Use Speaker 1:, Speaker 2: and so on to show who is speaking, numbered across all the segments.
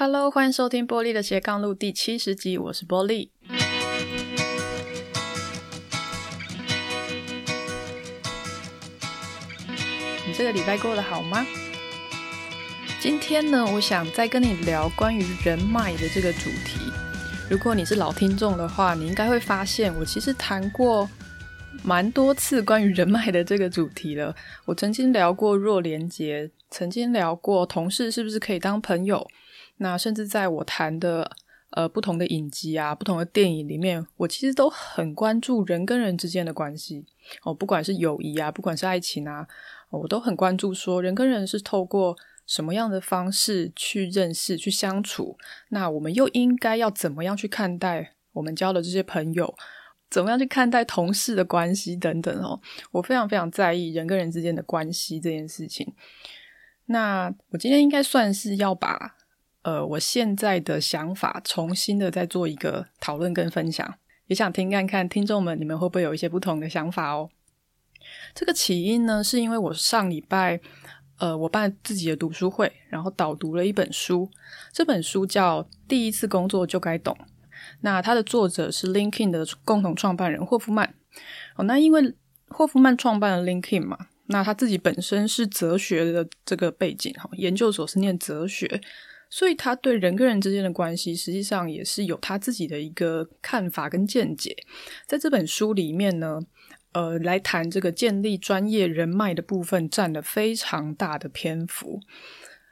Speaker 1: Hello，歡迎收聽波莉的斜槓路第七十集，我是波莉。你這個禮拜過得好嗎？今天呢，我想再跟你聊關於人脈的這個主題。如果你是老聽眾的話，你應該會發現我其實談過蠻多次關於人脈的這個主題了。我曾經聊過弱連結，曾經聊過同事是不是可以當朋友。那甚至在我談的呃不同的影集啊、不同的電影裡面，我其實都很關注人跟人之間的關係哦，不管是友誼啊，不管是愛情啊，哦，我都很關注說人跟人是透過什麼樣的方式去認識、去相處。那我們又應該要怎麼樣去看待我們交的這些朋友？怎麼樣去看待同事的關係等等哦？我非常非常在意人跟人之間的關係這件事情。那我今天應該算是要把。呃，我現在的想法，重新的再做一個討論跟分享，也想聽看看聽眾們，你們會不會有一些不同的想法哦？這個起因呢，是因為我上禮拜呃，我辦自己的讀書會，然後導讀了一本書，這本書叫《第一次工作就該懂》，那它的作者是 LinkedIn 的共同創辦人霍夫曼。哦，那因為霍夫曼創辦了 LinkedIn 嘛，那他自己本身是哲學的這個背景哈，研究所是念哲學。所以他對人跟人之間的關係，實際上也是有他自己的一個看法跟見解。在這本書裡面呢，呃，來談這個建立專業人脈的部分佔了非常大的篇幅。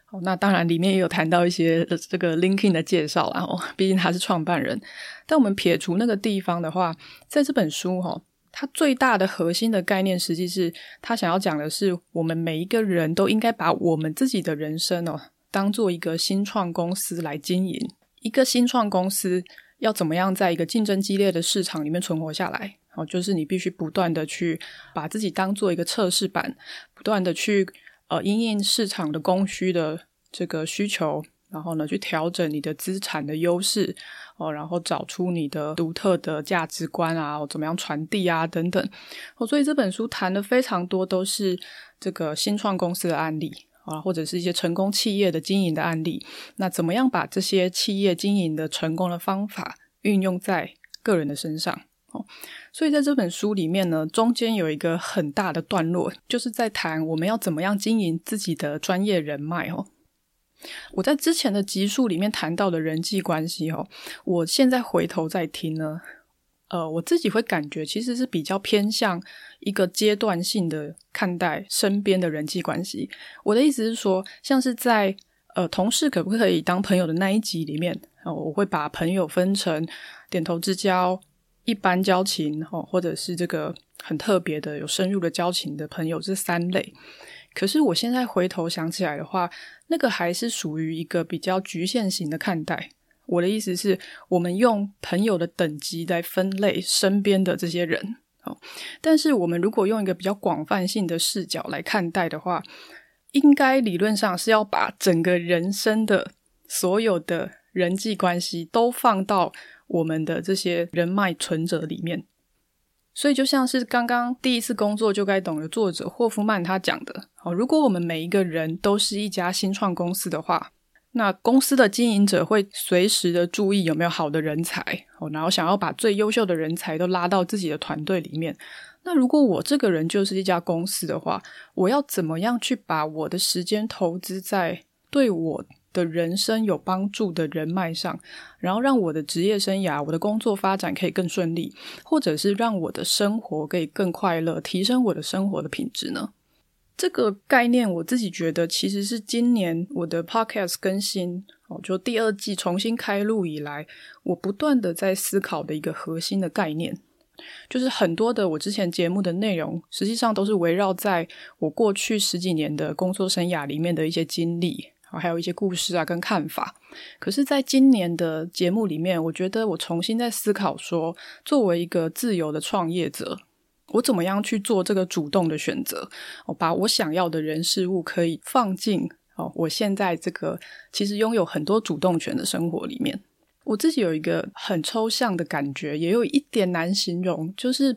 Speaker 1: 好，那當然裡面也有談到一些這個 LinkedIn 的介紹啦、哦，畢竟他是創辦人。但我們撇除那個地方的話，在這本書哈、哦，他最大的核心的概念，實際是他想要講的是，我們每一個人都應該把我們自己的人生哦。當做一個新創公司來經營，一個新創公司要怎麼樣在一個競爭激烈的市場裡面存活下來？哦，就是你必須不斷的去把自己當做一個測試版，不斷的去呃因應市場的供需的這個需求，然後呢去調整你的資產的優勢哦，然後找出你的獨特的價值觀啊，怎麼樣傳遞啊等等。哦，所以這本書談的非常多，都是這個新創公司的案例。啊，或者是一些成功企業的經營的案例，那怎麼樣把這些企業經營的成功的方法運用在個人的身上？哦，所以在這本書裡面呢，中間有一個很大的段落，就是在談我們要怎麼樣經營自己的專業人脈哦。我在之前的集數裡面談到的人際關係哦，我現在回頭再聽呢。呃，我自己會感覺其實是比較偏向一個階段性的看待身邊的人際關係。我的意思是說，像是在呃，同事可不可以當朋友的那一集裡面，哦、呃，我會把朋友分成點頭之交、一般交情，哦、呃，或者是這個很特別的、有深入的交情的朋友這三類。可是我現在回頭想起來的話，那個還是屬於一個比較局限型的看待。我的意思是我們用朋友的等級來分類身邊的這些人，哦，但是我們如果用一個比較廣泛性的視角來看待的話，應該理論上是要把整個人生的所有的人際關係都放到我們的這些人脈存折裡面。所以，就像是剛剛第一次工作就該懂的作者霍夫曼他講的，哦，如果我們每一個人都是一家新創公司的話。那公司的經營者會隨時的注意有沒有好的人才哦，然後想要把最優秀的人才都拉到自己的團隊裡面。那如果我這個人就是一家公司的話，我要怎麼樣去把我的時間投資在對我的人生有幫助的人脈上，然後讓我的職業生涯、我的工作發展可以更順利，或者是讓我的生活可以更快樂，提升我的生活的品質呢？這個概念，我自己覺得其實是今年我的 podcast 更新，哦，就第二季重新開錄以來，我不斷的在思考的一個核心的概念，就是很多的我之前節目的內容，實際上都是圍繞在我過去十幾年的工作生涯裡面的一些經歷，啊，還有一些故事啊，跟看法。可是，在今年的節目裡面，我覺得我重新在思考說，作為一個自由的創業者，我怎麼樣去做這個主動的選擇？我、哦、把我想要的人事物可以放進哦，我現在這個其實擁有很多主動權的生活裡面。我自己有一個很抽象的感覺，也有一點難形容，就是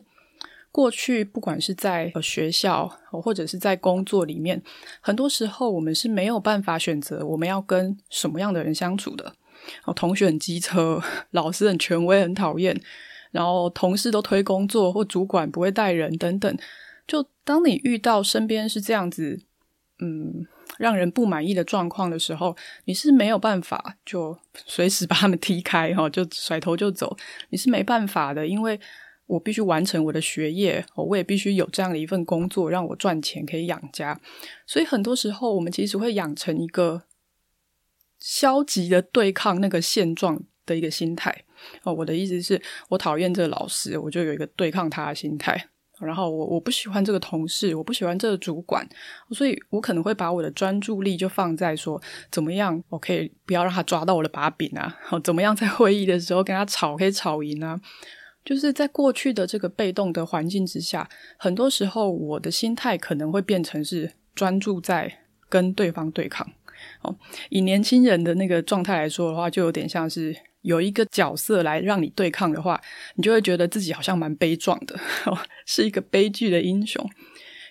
Speaker 1: 過去不管是在、呃、學校、哦、或者是在工作裡面，很多時候我們是沒有辦法選擇我們要跟什麼樣的人相處的。哦，同學很機車，老師很權威，很討厭。然後同事都推工作，或主管不會帶人等等。就當你遇到身邊是這樣子，嗯，讓人不滿意的狀況的時候，你是沒有辦法就隨時把他們踢開哈，就甩頭就走，你是沒辦法的。因為我必須完成我的學業，哈，我也必須有這樣的一份工作讓我賺錢可以養家。所以很多時候，我們其實會養成一個消極的對抗那個現狀的一個心態哦，我的意思是，我討厭這個老師，我就有一個對抗他的心態。然後我我不喜歡這個同事，我不喜歡這個主管，所以我可能會把我的專注力就放在說怎麼樣，我可以不要讓他抓到我的把柄啊？哦，怎麼樣，在會議的時候跟他吵，可以吵贏啊？就是在過去的這個被動的環境之下，很多時候我的心態可能會變成是專注在跟對方對抗。哦，以年輕人的那個狀態來說的話，就有點像是。有一個角色來讓你對抗的話，你就會覺得自己好像蠻悲壯的， 是一個悲劇的英雄。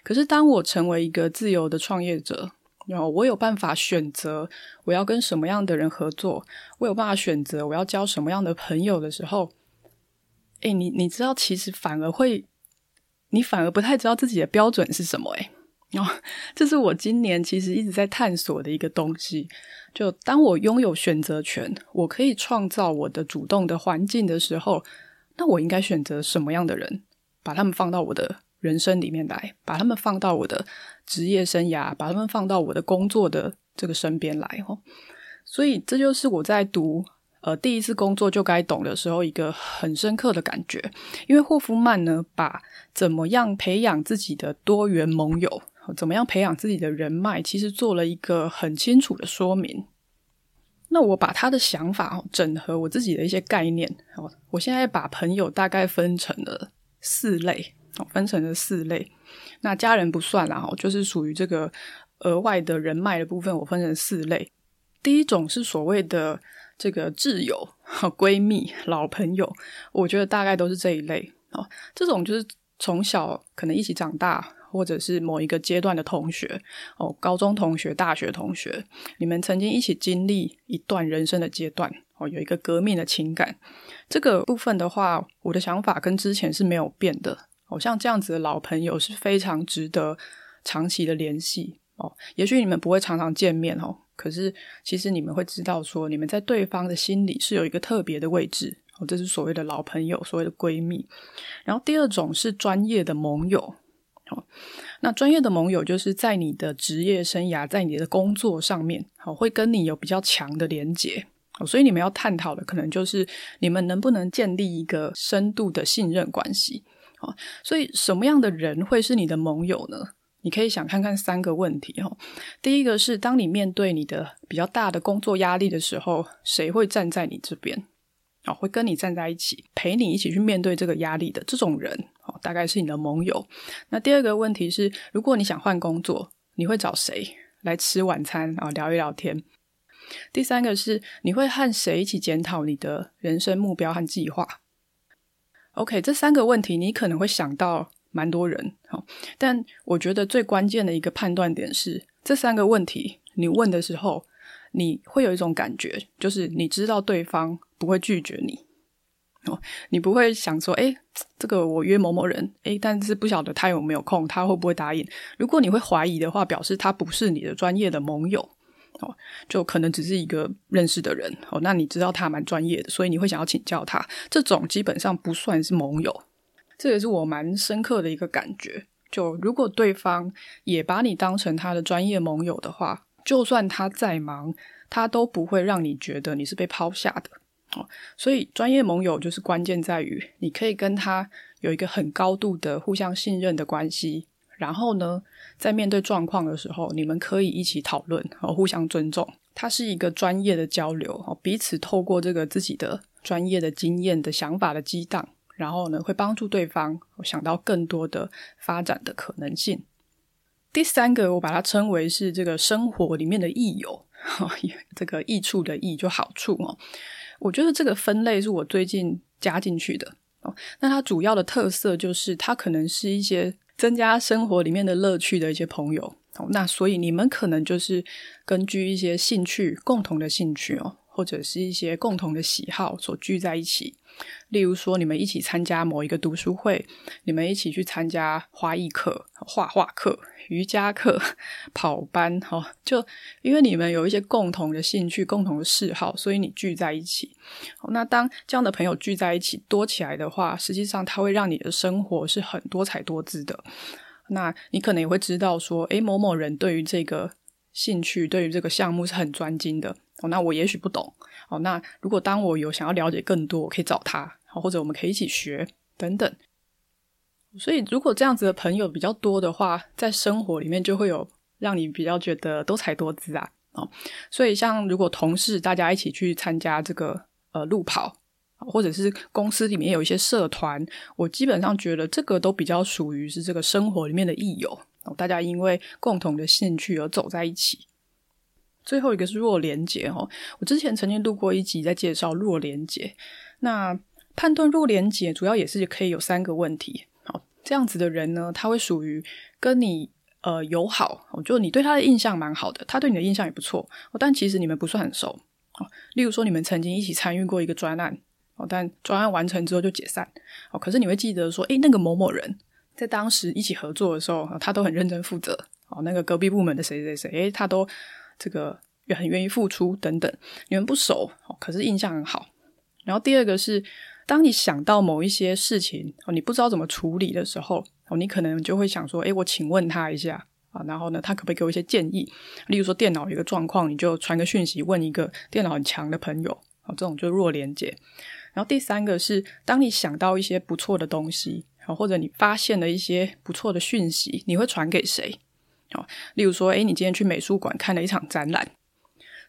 Speaker 1: 可是當我成為一個自由的創業者，然後我有辦法選擇我要跟什麼樣的人合作，我有辦法選擇我要交什麼樣的朋友的時候，哎，你你知道，其實反而會，你反而不太知道自己的標準是什麼誒，誒。哦，這是我今年其實一直在探索的一個東西。就當我擁有選擇權，我可以創造我的主動的環境的時候，那我應該選擇什麼樣的人，把他們放到我的人生裡面來，把他們放到我的職業生涯，把他們放到我的工作的這個身邊來。哦。所以這就是我在讀呃第一次工作就該懂的時候一個很深刻的感覺。因為霍夫曼呢，把怎麼樣培養自己的多元盟友。怎麼樣培養自己的人脈？其實做了一個很清楚的說明。那我把他的想法整合我自己的一些概念哦。我現在把朋友大概分成了四類，分成了四類。那家人不算啦，哦，就是屬於這個額外的人脈的部分，我分成四類。第一種是所謂的這個摯友、好閨蜜、老朋友，我覺得大概都是這一類哦。這種就是從小可能一起長大。或者是某一個階段的同學哦，高中同學、大學同學，你們曾經一起經歷一段人生的階段哦，有一個革命的情感。這個部分的話，我的想法跟之前是沒有變的哦。像這樣子的老朋友是非常值得長期的聯繫哦。也許你們不會常常見面哦，可是其實你們會知道說，你們在對方的心裡是有一個特別的位置哦。這是所謂的老朋友，所謂的閨蜜。然後第二種是專業的盟友。那專業的盟友就是在你的職業生涯、在你的工作上面，會跟你有比較強的連接。所以你們要探討的可能就是你們能不能建立一個深度的信任關係。所以什麼樣的人會是你的盟友呢？你可以想看看三個問題。第一個是當你面對你的比較大的工作壓力的時候，誰會站在你這邊？啊，會跟你站在一起，陪你一起去面對這個壓力的這種人，哦，大概是你的盟友。那第二個問題是，如果你想換工作，你會找誰來吃晚餐啊，聊一聊天？第三個是，你會和誰一起檢討你的人生目標和計劃？OK，這三個問題你可能會想到蠻多人，好，但我覺得最關鍵的一個判斷點是，這三個問題你問的時候，你會有一種感覺，就是你知道對方不會拒絕你哦，你不會想說，哎、欸，這個我約某某人，哎、欸，但是不曉得他有沒有空，他會不會答應？如果你會懷疑的話，表示他不是你的專業的盟友哦，就可能只是一個認識的人哦。那你知道他蠻專業的，所以你會想要請教他，這種基本上不算是盟友。這也是我蠻深刻的一個感覺。就如果對方也把你當成他的專業盟友的話。就算他再忙，他都不會讓你覺得你是被拋下的哦。所以，專業盟友就是關鍵在於你可以跟他有一個很高度的互相信任的關係。然後呢，在面對狀況的時候，你們可以一起討論，互相尊重。它是一個專業的交流，彼此透過這個自己的專業的經驗的想法的激盪，然後呢，會幫助對方想到更多的發展的可能性。第三個，我把它稱為是這個生活裡面的益友，哦，這個益處的益就好處哦。我覺得這個分類是我最近加進去的哦。那它主要的特色就是，它可能是一些增加生活裡面的樂趣的一些朋友哦。那所以你們可能就是根據一些興趣，共同的興趣哦。或者是一些共同的喜好所聚在一起，例如說你們一起參加某一個讀書會，你們一起去參加花藝課、畫畫課、瑜伽課、跑班哈、哦，就因為你們有一些共同的興趣、共同的嗜好，所以你聚在一起。哦，那當這樣的朋友聚在一起多起來的話，實際上他會讓你的生活是很多彩多姿的。那你可能也會知道說，誒，某某人對於這個興趣、對於這個項目是很專精的。哦，那我也許不懂。哦，那如果當我有想要了解更多，我可以找他。好，或者我們可以一起學等等。所以，如果這樣子的朋友比較多的話，在生活裡面就會有讓你比較覺得多彩多姿啊。哦，所以像如果同事大家一起去參加這個呃路跑，或者是公司裡面有一些社團，我基本上覺得這個都比較屬於是這個生活裡面的益友。大家因為共同的興趣而走在一起。最後一個是弱連結哈，我之前曾經錄過一集在介紹弱連結。那判斷弱連結主要也是可以有三個問題。好，這樣子的人呢，他會屬於跟你呃友好，就你對他的印象蠻好的，他對你的印象也不錯。但其實你們不算很熟。哦，例如說你們曾經一起參與過一個專案，哦，但專案完成之後就解散。哦，可是你會記得說，哎、欸，那個某某人，在當時一起合作的時候，他都很認真負責。哦，那個隔壁部門的誰誰誰，哎、欸，他都。這個也很願意付出等等，你們不熟，可是印象很好。然後第二個是，當你想到某一些事情哦，你不知道怎麼處理的時候，哦，你可能就會想說，哎，我請問他一下啊，然後呢，他可不可以給我一些建議？例如說電腦有一個狀況，你就傳個訊息問一個電腦很強的朋友，哦，這種就弱連結。然後第三個是，當你想到一些不錯的東西，或者你發現了一些不錯的訊息，你會傳給誰？哦，例如說，哎，你今天去美術館看了一場展覽，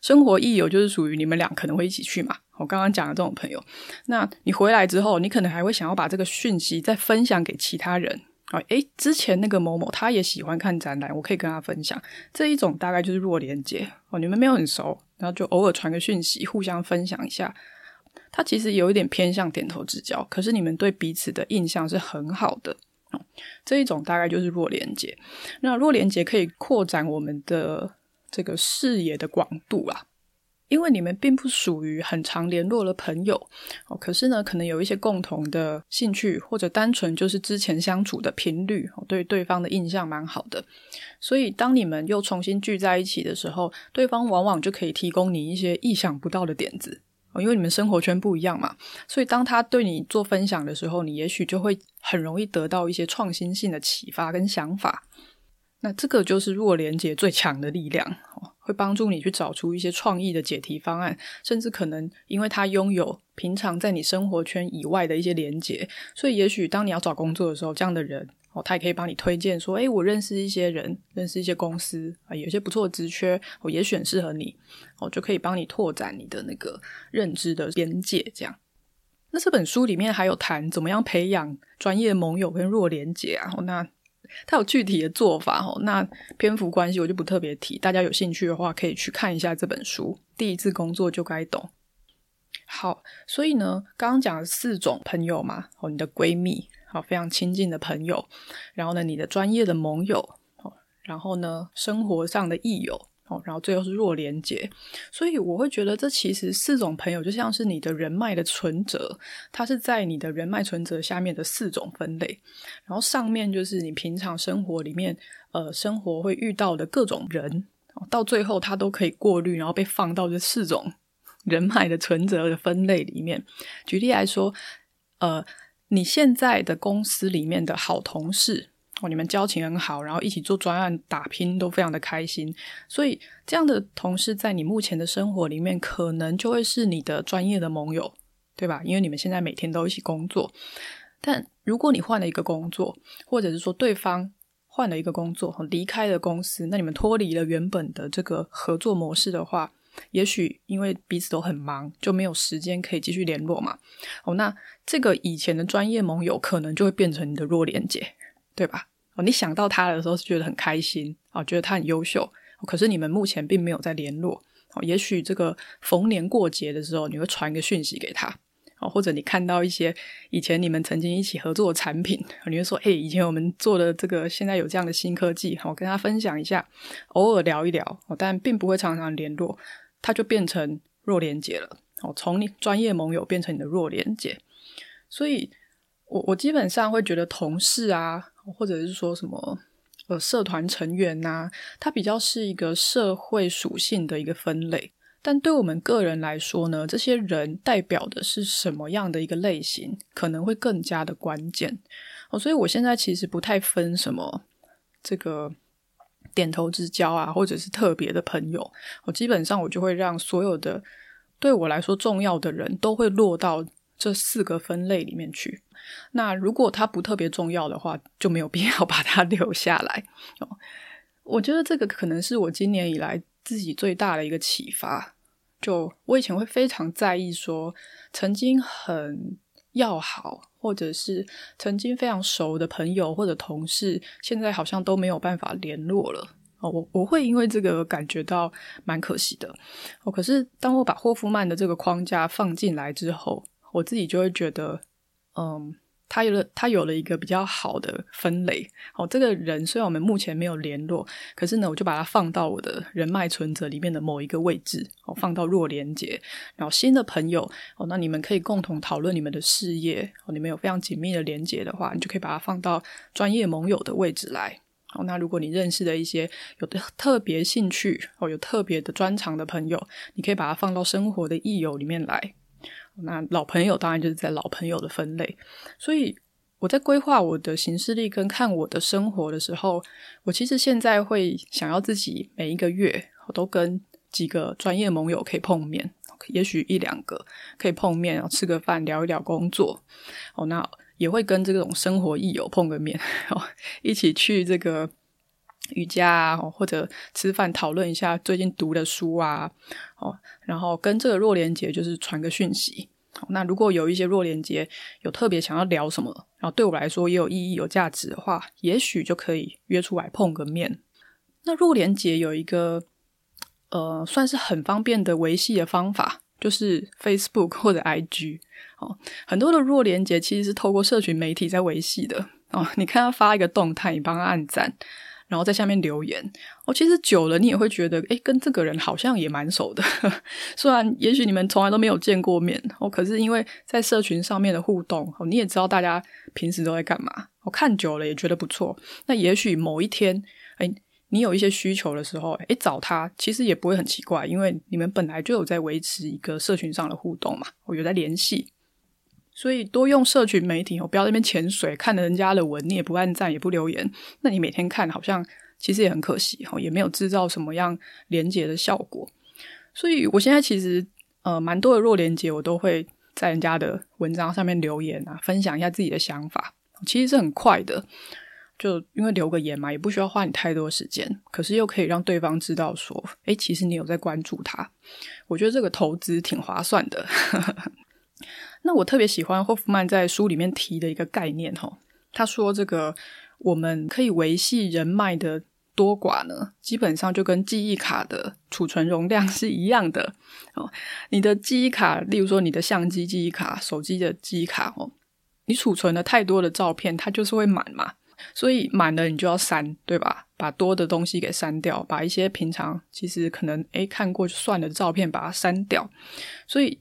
Speaker 1: 生活益友就是屬於你們倆可能會一起去嘛。我剛剛講的這種朋友，那你回來之後，你可能還會想要把這個訊息再分享給其他人啊。哎，之前那個某某他也喜歡看展覽，我可以跟他分享。這一種大概就是弱連結哦，你們沒有很熟，然後就偶爾傳個訊息，互相分享一下。他其實有一點偏向點頭之交，可是你們對彼此的印象是很好的。這一種大概就是弱連結。那弱連結可以擴展我們的這個視野的廣度啊，因為你們並不屬於很常聯絡的朋友，哦，可是呢，可能有一些共同的興趣，或者單純就是之前相處的頻率，哦，對對方的印象蠻好的，所以當你們又重新聚在一起的時候，對方往往就可以提供你一些意想不到的點子。哦，因為你們生活圈不一樣嘛，所以當他對你做分享的時候，你也許就會很容易得到一些創新性的啟發跟想法。那這個就是弱連結最強的力量，會幫助你去找出一些創意的解題方案，甚至可能因為他擁有平常在你生活圈以外的一些連結，所以也許當你要找工作的時候，這樣的人。哦，他也可以幫你推薦，說，哎、欸，我認識一些人，認識一些公司啊，有些不錯的職缺，我、哦、也選適合你，哦，就可以幫你拓展你的那個認知的邊界。這樣，那這本書裡面還有談怎麼樣培養專業盟友跟弱連結啊，哦、那他有具體的做法哦。那篇幅關係，我就不特別提，大家有興趣的話可以去看一下這本書。第一次工作就該懂。好，所以呢，剛剛講了四種朋友嘛，哦，你的閨蜜，好、哦，非常親近的朋友，然後呢，你的專業的盟友，哦，然後呢，生活上的益友，哦，然後最後是弱連結。所以我會覺得，這其實四種朋友就像是你的人脈的存折，它是在你的人脈存折下面的四種分類，然後上面就是你平常生活裡面，呃，生活會遇到的各種人，到最後它都可以過濾，然後被放到這四種。人脈的存摺的分類裡面，舉例來說，呃，你現在的公司裡面的好同事哦，你們交情很好，然後一起做專案打拼，都非常的開心，所以這樣的同事在你目前的生活裡面，可能就會是你的專業的盟友，對吧？因為你們現在每天都一起工作。但如果你換了一個工作，或者是說對方換了一個工作，離開了公司，那你們脫離了原本的這個合作模式的話。也許因為彼此都很忙，就沒有時間可以繼續聯絡嘛。哦，那這個以前的專業盟友，可能就會變成你的弱連結，對吧？哦，你想到他的時候是覺得很開心，哦，覺得他很優秀、哦。可是你們目前並沒有在聯絡。哦，也許這個逢年過節的時候，你會傳一個訊息給他。哦，或者你看到一些以前你們曾經一起合作的產品，哦、你會說：“誒、欸、以前我們做的這個，現在有這樣的新科技，我、哦、跟他分享一下。”偶爾聊一聊、哦，但並不會常常聯絡。它就變成弱連接了，哦，從你專業盟友變成你的弱連接。所以，我我基本上會覺得同事啊，或者是說什麼呃社團成員吶、啊，他比較是一個社會屬性的一個分類。但對我們個人來說呢，這些人代表的是什麼樣的一個類型，可能會更加的關鍵。哦，所以我現在其實不太分什麼這個。點頭之交啊，或者是特別的朋友，我基本上我就會讓所有的對我來說重要的人都會落到這四個分類裡面去。那如果他不特別重要的話，就沒有必要把他留下來哦。我覺得這個可能是我今年以來自己最大的一個啟發。就我以前會非常在意說曾經很要好。或者是曾經非常熟的朋友或者同事，現在好像都沒有辦法聯絡了哦。我我會因為這個感覺到蠻可惜的哦。可是當我把霍夫曼的這個框架放進來之後，我自己就會覺得，嗯。他有了，他有了一個比較好的分類。哦，這個人雖然我們目前沒有聯絡，可是呢，我就把它放到我的人脈存摺裡面的某一個位置。哦，放到弱連結。然後新的朋友，哦，那你們可以共同討論你們的事業。哦，你們有非常緊密的連結的話，你就可以把它放到專業盟友的位置來。哦，那如果你認識的一些有的特別興趣，哦，有特別的專長的朋友，你可以把它放到生活的益友裡面來。那老朋友當然就是在老朋友的分類，所以我在規劃我的行事曆跟看我的生活的時候，我其實現在會想要自己每一個月我都跟幾個專業盟友可以碰面，也許一兩個可以碰面，然後吃個飯聊一聊工作。哦，那也會跟這種生活益友碰個面，一起去這個。瑜伽啊，或者吃飯討論一下最近讀的書啊，哦，然後跟這個弱連結就是傳個訊息。那如果有一些弱連結有特別想要聊什麼，然後對我來說也有意義、有價值的話，也許就可以約出來碰個面。那弱連結有一個呃，算是很方便的維繫的方法，就是 Facebook 或者 IG 哦。很多的弱連結其實是透過社群媒體在維繫的哦。你看他發一個動態，你幫他按讚。然後在下面留言，哦，其實久了你也會覺得，誒跟這個人好像也蠻熟的呵呵，雖然也許你們從來都沒有見過面，哦，可是因為在社群上面的互動，哦，你也知道大家平時都在幹嘛，我，哦，看久了也覺得不錯。那也許某一天，誒你有一些需求的時候，誒找他其實也不會很奇怪，因為你們本來就有在維持一個社群上的互動嘛，哦，有在聯繫。所以多用社群媒體哦，不要在那邊潛水，看了人家的文，你也不按讚，也不留言，那你每天看好像其實也很可惜哦，也沒有制造什麼樣連結的效果。所以我現在其實呃，蠻多的弱連結我都會在人家的文章上面留言啊，分享一下自己的想法，其實是很快的，就因為留個言嘛，也不需要花你太多時間，可是又可以讓對方知道說，哎、欸，其實你有在關注他，我覺得這個投資挺划算的。 那我特別喜歡霍夫曼在書裡面提的一個概念哦，哈，他說這個我們可以維繫人脈的多寡呢，基本上就跟記憶卡的儲存容量是一樣的哦。你的記憶卡，例如說你的相機記憶卡、手機的記憶卡哦，你儲存了太多的照片，它就是會滿嘛，所以滿了你就要刪，對吧？把多的東西給刪掉，把一些平常其實可能哎、欸、看過就算了的照片把它刪掉，所以。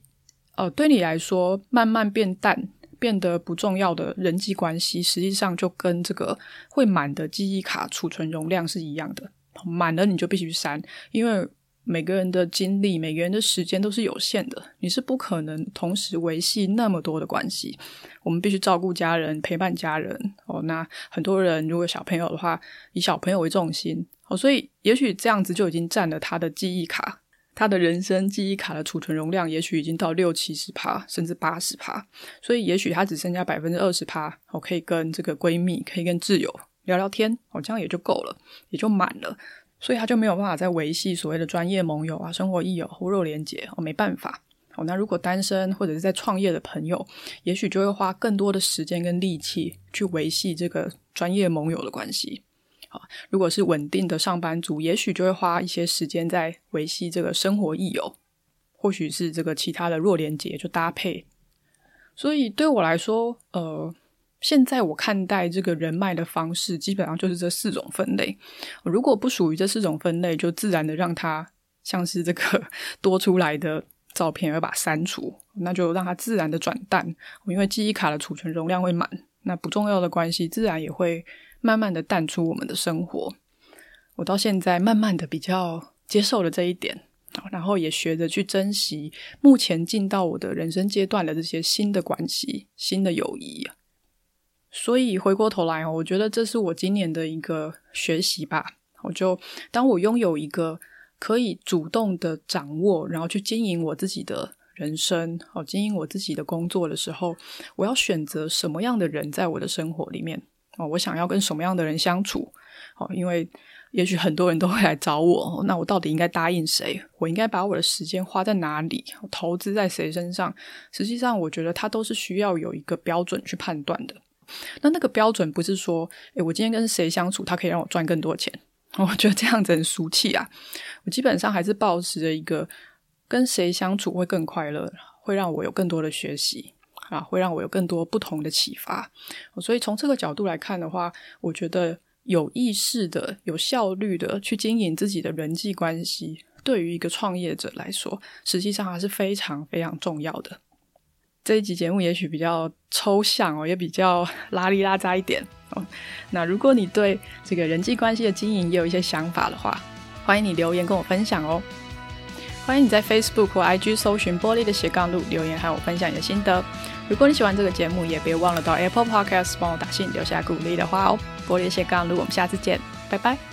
Speaker 1: 哦、呃，對你來說，慢慢變淡、變得不重要的人際關係，實際上就跟這個會滿的記憶卡儲存容量是一樣的。滿了你就必須刪，因為每個人的精力、每個人的時間都是有限的，你是不可能同時維繫那麼多的關係。我們必須照顧家人、陪伴家人。哦，那很多人如果小朋友的話，以小朋友為重心。哦，所以也許這樣子就已經佔了他的記憶卡。他的人生記憶卡的儲存容量也許已經到六七十趴，甚至八十趴。所以也許他只剩下百分之二十趴。我可以跟這個閨蜜，可以跟摯友聊聊天，哦，這樣也就夠了，也就滿了，所以他就沒有辦法再維繫所謂的專業盟友啊、生活益友、互弱連結，哦，沒辦法。哦，那如果單身或者是在創業的朋友，也許就會花更多的時間跟力氣去維繫這個專業盟友的關係。如果是穩定的上班族，也許就會花一些時間在維繫這個生活益友，或許是這個其他的弱連結就搭配。所以對我來說，呃，現在我看待這個人脈的方式，基本上就是這四種分類。如果不屬於這四種分類，就自然的讓它像是這個多出來的照片，要把它刪除，那就讓它自然的轉淡。因為記憶卡的儲存容量會滿，那不重要的關係，自然也會。慢慢的淡出我們的生活，我到現在慢慢的比較接受了這一點，然後也學着去珍惜目前進到我的人生階段的這些新的關係、新的友誼。所以回過頭來哦，我覺得這是我今年的一個學習吧。我就當我擁有一個可以主動的掌握，然後去經營我自己的人生，哦，經營我自己的工作的時候，我要選擇什麼樣的人在我的生活裡面。哦，我想要跟什麼樣的人相處？哦，因為也許很多人都會來找我，那我到底應該答應誰？我應該把我的時間花在哪裡？投資在誰身上？實際上，我覺得他都是需要有一個標準去判斷的。那那個標準不是說，哎，我今天跟誰相處，他可以讓我賺更多錢。哦，我覺得這樣子很俗氣啊！我基本上還是保持着一個，跟誰相處會更快樂，會讓我有更多的學習。啊，會讓我有更多不同的啟發、哦。所以從這個角度來看的話，我覺得有意識的、有效率的去經營自己的人際關係，對於一個創業者來說，實際上還是非常非常重要的。這一集節目也許比較抽象哦，也比較拉里拉雜一點哦。那如果你對這個人際關係的經營也有一些想法的話，歡迎你留言跟我分享哦。歡迎你在 Facebook 或 IG 搜尋“波莉的斜槓路”，留言和我分享你的心得。如果你喜歡這個節目，也別忘了到 Apple Podcast 幫我打星，留下鼓勵的話哦。波莉斜槓路，我們下次見，拜拜。